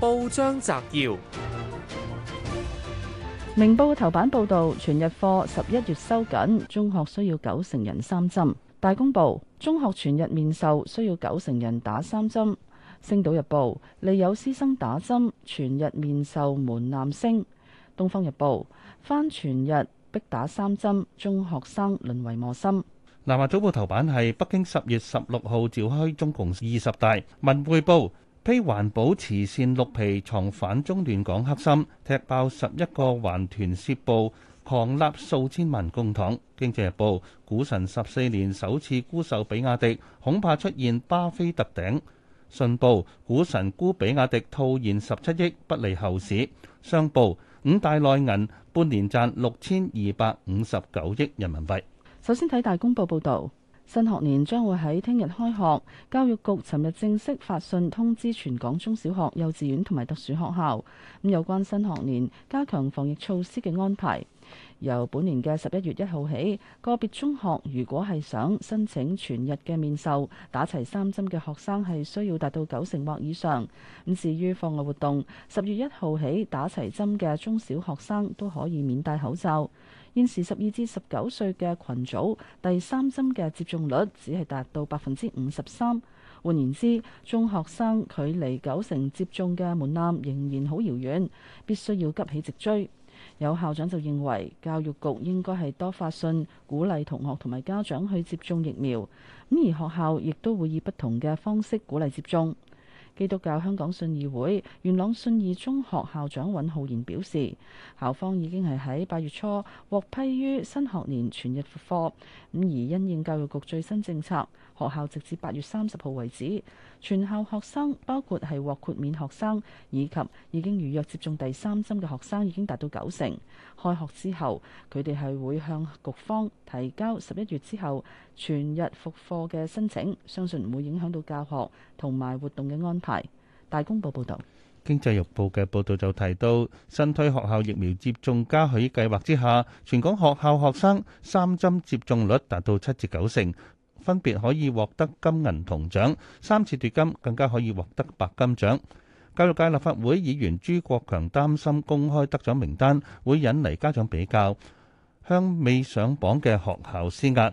報章摘要：明報頭版報道，全日課十一月收緊，中學需要九成人三針。大公報：中學全日面授需要九成人打三針。星島日報：利有師生打針，全日面授門檻升。東方日報：返全日逼打三針，中學生淪為磨心。南華早報頭版係北京十月十六號召開中共二十大。文匯報。非環保慈善綠皮藏反中亂港黑心，踢爆十一個環團涉暴，狂立數千萬共黨。經濟日報：股神十四年首次沽售比亞迪，恐怕出現巴菲特頂。信報：股神沽比亞迪套現十七億，不利後市。商報：五大內銀半年賺六千二百五十九億人民幣。首先睇大公報報導。新學年將會喺聽日開學，教育局尋日正式發信通知全港中小學、幼稚園同埋特殊學校，咁有關新學年加強防疫措施嘅安排。由本年嘅十一月一號起，個別中學如果係想申請全日嘅面授，打齊三針嘅學生係需要達到九成或以上。咁至於課外活動，十月一號起打齊針嘅中小學生都可以免戴口罩。現時十二至十九歲嘅群組第三針嘅接種率只係達到百分之五十三，換言之，中學生距離九成接種嘅門檻仍然好遙遠，必須要急起直追。有校長就認為，教育局應該係多發信鼓勵同學同埋家長去接種疫苗，咁而學校亦都會以不同嘅方式鼓勵接種。基督教香港信義會元朗信義中學校校長尹浩然表示，校方已經係喺八月初獲批於新學年全日復課，咁而因應教育局最新政策，學校直至八月三十號為止，全校學生包括係獲豁免學生以及已經預約接種第三針嘅學生已經達到九成。開學之後，佢哋係會向局方提交十一月之後。全日復課嘅申請，相信唔會影響到教學同埋活動嘅安排。大公報報導，經濟日報嘅報導就提到，新推學校疫苗接種嘉許計劃之下，全港學校學生三針接種率達到七至九成，分別可以獲得金銀銅獎，三次奪金更加可以獲得白金獎。教育界立法會議員朱國強擔心公開得獎名單會引嚟家長比較，向未上榜嘅學校施壓。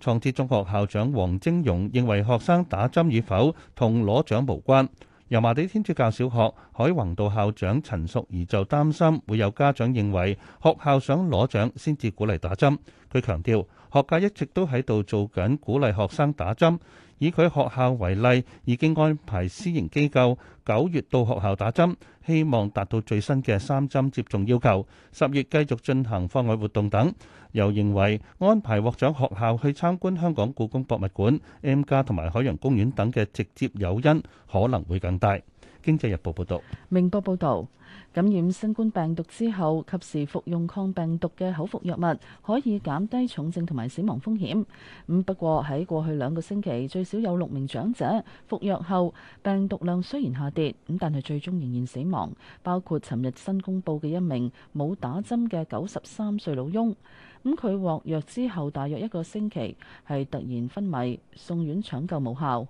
創智中學校長黃晶容認為學生打針與否同攞獎無關。油麻地天主教小學海泓道校長陳淑儀就擔心會有家長認為學校想攞獎先至鼓勵打針。佢強調，學界一直都喺度做緊鼓勵學生打針。以佢學校為例，已經安排私營機構九月到學校打針，希望達到最新嘅三針接種要求；十月繼續進行課外活動等。又認為安排獲獎學校去參觀香港故宮博物館、M+ 同埋海洋公園等嘅直接誘因可能會更大。經濟日報報導，明報報導，感染新冠病毒之後，及時服用抗病毒嘅口服藥物，可以減低重症同埋死亡風險。咁不過喺過去兩個星期，最少有六名長者服藥後，病毒量雖然下跌，咁但係最終仍然死亡，包括尋日新公布嘅一名冇打針嘅九十三歲老翁。咁佢獲藥之後，大約一個星期係突然昏迷，送院搶救無效。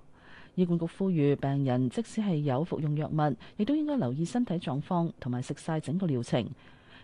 醫管局呼籲病人，即使係有服用藥物，亦都應該留意身體狀況，同埋食晒整個療程。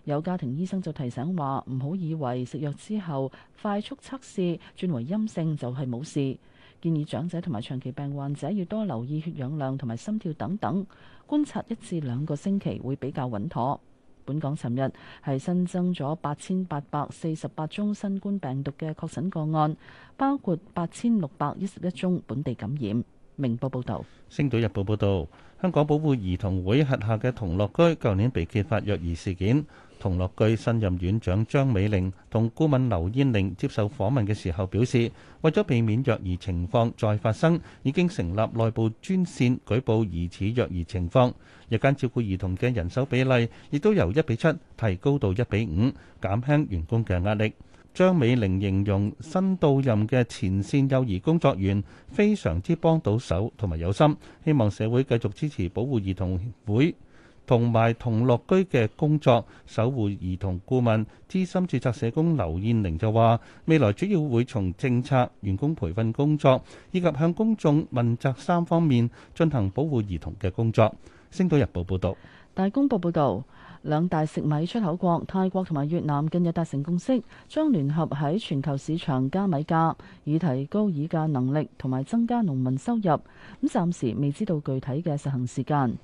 有家庭醫生就提醒話：唔好以為食藥之後快速測試轉為陰性就係冇事。建議長者同埋長期病患者要多留意血氧量同埋心跳等等，觀察一至兩個星期會比較穩妥。本港尋日係新增咗八千八百四十八宗新冠病毒嘅確診個案，包括八千六百一十一宗本地感染。明報報道，《星島日報》報道：香港保護兒童會轄下嘅童樂居，舊年被揭發虐兒事件。童樂居新任院長張美玲同顧問劉燕玲接受訪問嘅時候表示，為咗避免虐兒情況再發生，已經成立內部專線舉報疑似虐兒情況，日間照顧兒童嘅人手比例亦都由一比七提高到一比五，減輕員工嘅壓力。張美玲形容新到任嘅前線幼兒工作員非常之幫到手同埋有心，希望社會繼續支持保護兒童會同埋同樂居嘅工作，守護兒童顧問、資深注冊社工劉燕玲就話：未來主要會從政策、員工培訓工作以及向公眾問責三方面進行保護兒童嘅工作。星島日報報道，大公報報道。兩大食米出口國泰國同埋越南近日達成共識，將聯合喺全球市場加米價，以提高議價能力同埋增加農民收入。咁暫時未知道具體嘅實行時間。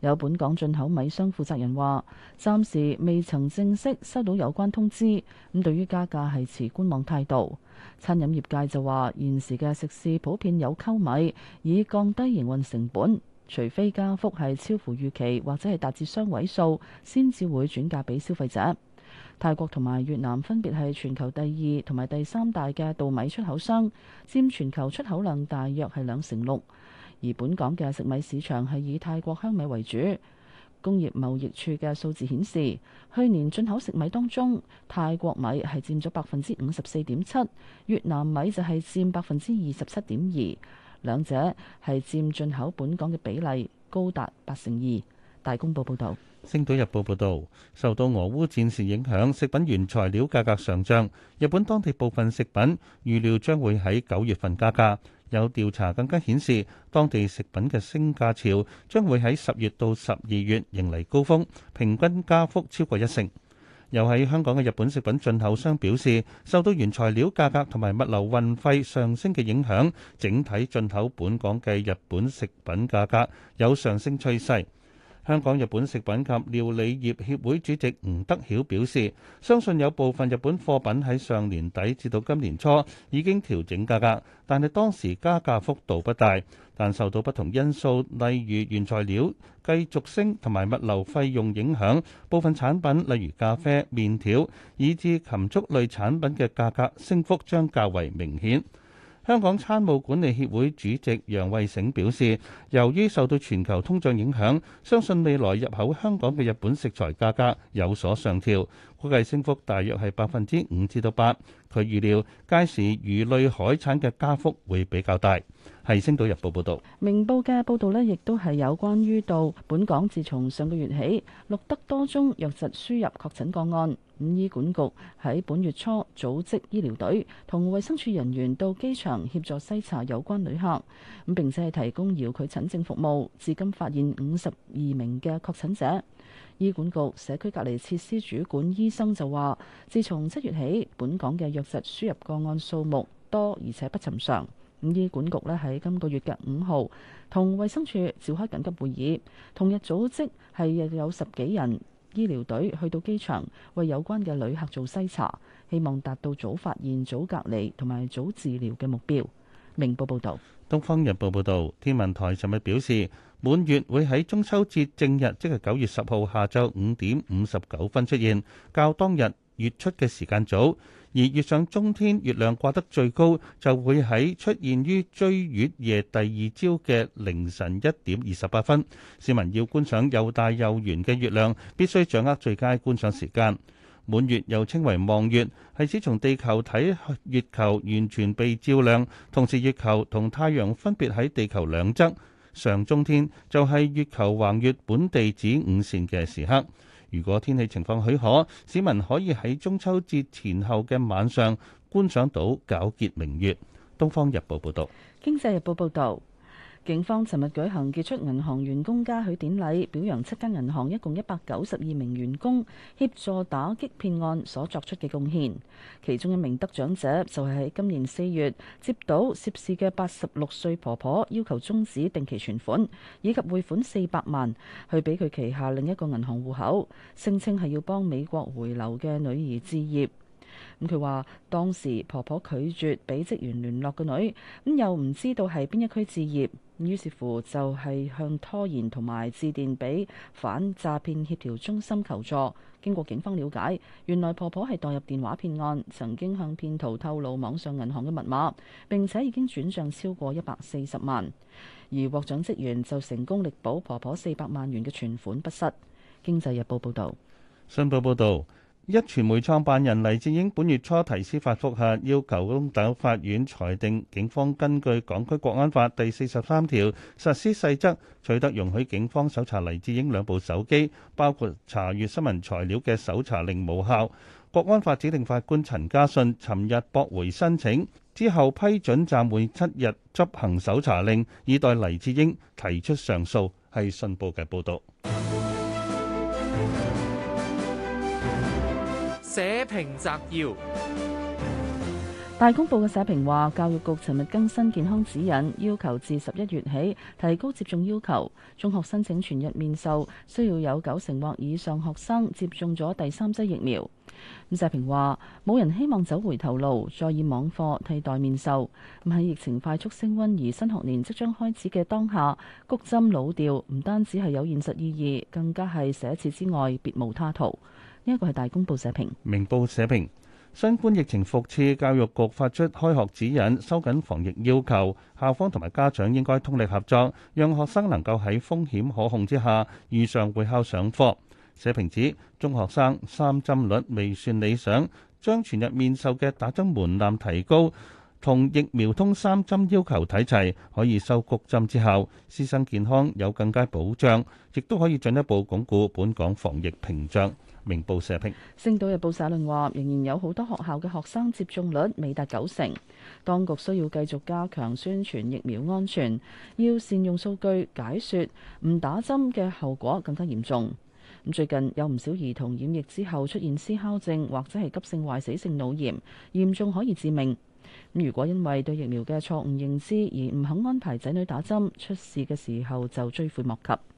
有本港進口米商負責人話，暫時未曾正式收到有關通知。咁對於加價係持觀望態度。餐飲業界就話，現時嘅食肆普遍有溝米，以降低營運成本。除非加幅係超乎預期，或者係達至雙位數，先至會轉嫁俾消費者。泰國同埋越南分別係全球第二同埋第三大嘅稻米出口商，佔全球出口量大約係兩成六。而本港嘅食米市場係以泰國香米為主。工業貿易處嘅數字顯示，去年進口食米當中，泰國米係佔咗百分之五十四點七，越南米就係佔百分之二十七點二。兩者係佔進口本港嘅比例高達八成二。大公報報道。《星島日報》報道，受到俄烏戰事影響，食品原材料價格上漲，日本當地部分食品預料將會喺九月份加價。有調查更加顯示，當地食品嘅升價潮將會喺十月到十二月迎嚟高峰，平均加幅超過一成。又喺香港嘅日本食品進口商表示，受到原材料價格同埋物流運費上升嘅影響，整體進口本港嘅日本食品價格有上升趨勢。香港日本食品及料理業協會主席吳德曉表示，相信有部分日本貨品喺上年底至到今年初已經調整價格，但係當時加價幅度不大。但受到不同因素，例如原材料繼續升同埋物流費用影響，部分產品例如咖啡、麵條以至禽畜類產品嘅價格升幅將較為明顯。香港餐務管理協會主席楊慧醒表示，由於受到全球通脹影響，相信未來入口香港嘅日本食材價格有所上調。估計升幅大約係百分之五至到八。佢預料街市魚類海產嘅加幅會比較大。係《星島日報》報導，明報嘅報導呢亦都係有關於到本港，自從上個月起錄得多宗確實輸入確診個案。五醫管局喺本月初組織醫療隊同衞生署人員到機場協助篩查有關旅客，咁並且係提供遙距診症服務。至今發現五十二名嘅確診者。醫管局社區隔離設施主管醫生就話，自從七月起，本港嘅瘧疾輸入個案數目多，而且不尋常。咁醫管局咧喺今個月嘅五號同衛生署召開緊急會議，同日組織係有十幾人醫療隊去到機場為有關嘅旅客做篩查，希望達到早發現、早隔離同埋早治療嘅目標。明報報道，東方日報報道，天文台尋日表示。滿月會喺中秋節正日，即係九月十號下晝五點五十九分出現，較當日月出嘅時間早。而月上中天，月亮掛得最高，就會喺出現於追月夜第二朝嘅凌晨一點二十八分。市民要觀賞又大又圓嘅月亮，必須掌握最佳觀賞時間。滿月又稱為望月，係指從地球睇月球完全被照亮，同時月球同太陽分別喺地球兩側。上中天就係月球橫越本地子午線嘅時刻。如果天氣情況許可，市民可以喺中秋節前後嘅晚上觀賞到皎潔明月。《東方日報》報導。《經濟日報》報導。警方尋日舉行傑出銀行員工嘉許典禮，表揚七間銀行一共一百九十二名員工協助打擊騙案所作出嘅貢獻。其中一名得獎者就係喺今年四月接到涉事嘅八十六歲婆婆要求終止定期存款以及匯款四百萬去俾佢旗下另一個銀行戶口，聲稱係要幫美國回流嘅女兒置業。佢話當時婆婆拒絕俾職員聯絡個女，咁又唔知道係邊一區置業。於是乎就係向拖延同埋致電俾反詐騙協,協調中心求助。經過警方了解，原來婆婆係墮入電話騙案，曾經向騙徒透露網上銀行嘅密碼，並且已經轉帳超過一百四十萬。而獲獎職員就成功力保婆婆四百萬元嘅存款不失。經濟日報報道。新報報導。一傳媒創辦人黎智英本月初提司法復核，要求高等法院裁定警方根據港區國安法第四十三條實施細則取得容許警方搜查黎智英兩部手機，包括查閱新聞材料嘅搜查令無效。國安法指定法官陳家信尋日駁回申請，之後批准暫緩七日執行搜查令，以待黎智英提出上訴。係信報嘅報道。社評摘要：大公報嘅社評話，教育局尋日更新健康指引，要求自十一月起提高接種要求。中學申請全日面授需要有九成或以上學生接種咗第三劑疫苗。咁社評話，冇人希望走回頭路，再以網課替代面授。咁喺疫情快速升温而新學年即將開始嘅當下，谷針老調唔單止係有現實意義，更加係捨此之外別無他途。一個係大公報社評，明報社評，相關疫情復熾，教育局發出開學指引，收緊防疫要求，校方同埋家長應該通力合作，讓學生能夠喺風險可控之下，遇上會考上課。社評指中學生三針率未算理想，將全日面授嘅打針門檻提高，同疫苗通三針要求睇齊，可以收谷針之後，師生健康有更佳保障，亦都可以進一步鞏固本港防疫屏障。明報社評，《星島日報》社論話，仍然有好多學校嘅學生接種率未達九成，當局需要繼續加強宣傳疫苗安全，要善用數據解説，唔打針嘅後果更加嚴重。最近有唔少兒童染疫之後出現思考症，或者係急性壞死性腦炎，嚴重可以致命。如果因為對疫苗嘅錯誤認知而唔肯安排仔女打針，出事嘅時候就追悔莫及。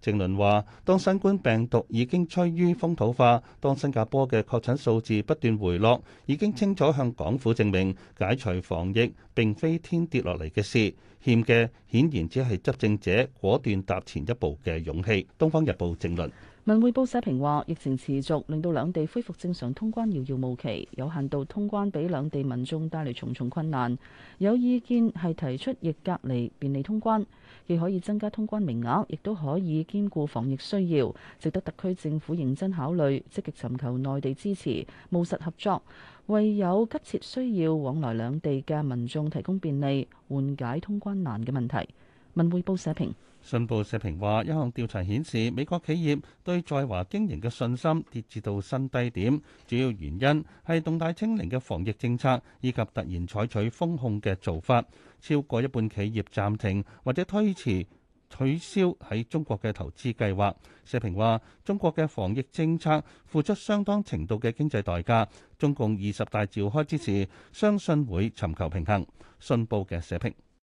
正論話：當新冠病毒已經趨於風土化，當新加坡嘅確診數字不斷回落，已經清楚向港府證明解除防疫並非天跌落嚟嘅事，欠嘅顯然只係執政者果斷踏前一步嘅勇氣。《東方日報》正論。文匯報社評話，疫情持續令到兩地恢復正常通關遙遙無期，有限度通關俾兩地民眾帶嚟重重困難。有意見係提出逆隔離便利通關，既可以增加通關名額，亦都可以兼顧防疫需要，值得特區政府認真考慮，積極尋求內地支持，務實合作，為有急切需要往來兩地嘅民眾提供便利，緩解通關難嘅問題。文匯報社評，信報社評話，一項調查顯示，美國企業對在華經營嘅信心跌至到新低點，主要原因係動態清零嘅防疫政策以及突然採取封控嘅做法，超過一半企業暫停或者推遲取消喺中國嘅投資計劃。社評話，中國嘅防疫政策付出相當程度嘅經濟代價，中共二十大召開之時，相信會尋求平衡。信報嘅社評。